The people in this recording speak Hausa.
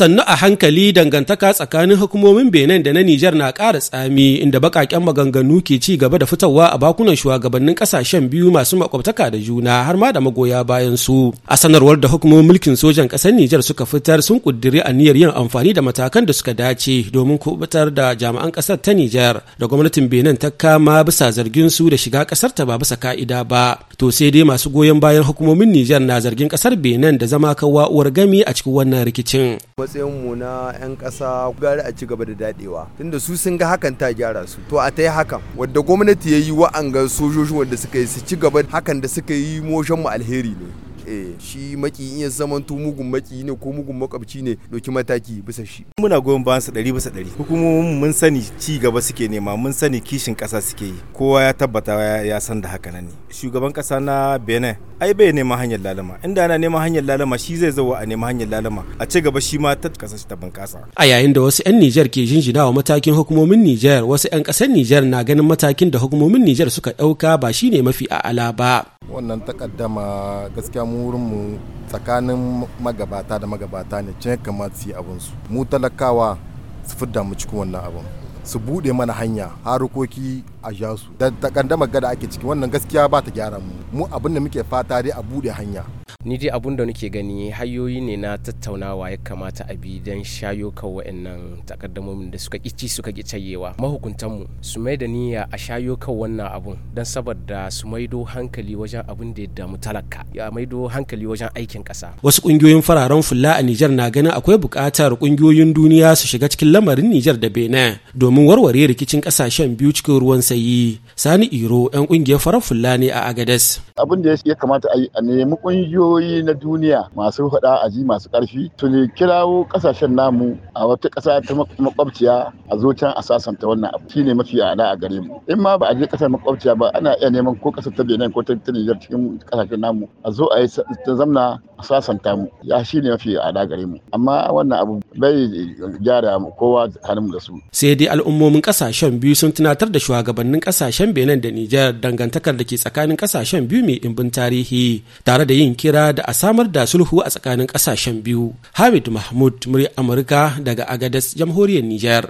sannu a hankali dangantaka tsakanin hukumomin benin da na nijar na ƙara tsami inda baƙaƙen maganganu ke ci gaba da fitowa a bakunan shugabannin ƙasashen biyu masu makwabtaka da juna har ma da magoya bayan su a sanarwar da hukumomin mulkin sojan ƙasar nijar suka fitar sun ƙudiri aniyar yin amfani da matakan da suka dace domin kubutar da jami'an ƙasar ta nijar da gwamnatin benin ta kama bisa zargin su da shiga ƙasar ta ba bisa ka'ida ba to sai dai masu goyon bayan hukumomin nijar na zargin ƙasar benin da zama kawa uwar gami a cikin wannan rikicin mu na 'yan ƙasa gari a ci gaba da dadewa tunda su sun ga hakan ta gyara su to a ta yi hakan wadda gwamnati ya yi wa'anga sojoji wadda suka yi su ci gaba hakan da suka yi moshin mu alheri ne Eh, shi maki in ya zamanto mugun maki ne ko mugun makabci ne doki mataki bisa shi muna goyon bayan su 100 bisa 100 hukumomin mun sani ci gaba suke nema mun sani kishin kasa suke yi kowa ya tabbata ya san da haka nan ne shugaban kasa na Benin ai bai nema hanyar lalama inda ana nema hanyar lalama shi zai zo a nema hanyar lalama a ci gaba shi ma ta kasa ta bunkasa a yayin da wasu 'yan Nijar ke jinjinawa matakin hukumomin Nijar wasu 'yan kasar Nijar na ganin matakin da hukumomin Nijar suka ɗauka ba shine mafi a'ala ba wannan takaddama gaskiya mu wurinmu tsakanin magabata da magabata ne can kamata su yi abinsu mu talakawa su fidda mu cikin wannan abin su bude mana hanya harukoki a jasu da takandamar gada ake ciki wannan gaskiya ba ta gyara mu mu abin da muke fata dai a bude hanya ni dai abun da nake gani hanyoyi ne na tattaunawa ya kamata a bi don shayo kan wa'annan takaddamomin da suka ƙici suka ƙi cayewa mahukuntanmu su mai da niyya a shayo kan wannan abun don saboda su maido hankali wajen abun da ya damu talaka ya maido hankali wajen aikin ƙasa wasu ƙungiyoyin fararen fulla a Nijar na ganin akwai buƙatar ƙungiyoyin duniya su shiga cikin lamarin Nijar da Benin domin warware rikicin ƙasashen biyu cikin ruwan sayi Sani Iro 'yan ƙungiyar fararen fulla ne a Agades abin da ya kamata a nemi ƙungiyoyi ƙungiyoyi na duniya masu faɗa aji masu ƙarfi tuni kirawo ƙasashen namu a wata ƙasa ta makwabciya a zo can a sasanta wannan abu shine mafi ala a gare mu in ma ba a je ƙasar makwabciya ba ana iya neman ko ƙasar ta Benin ko ta Niger cikin ƙasashen namu a zo a yi ta zamna a sasanta mu ya shine mafi ala gare mu amma wannan abu bai gyara mu kowa tsakanin da su sai dai al'ummomin ƙasashen biyu sun tunatar da shugabannin ƙasashen Benin da Niger dangantakar da ke tsakanin ƙasashen biyu mai ɗimbin tarihi tare da yin kira kira da a samar da sulhu a tsakanin kasashen biyu hamid mahmud murya amurka daga agadas jamhuriyar niger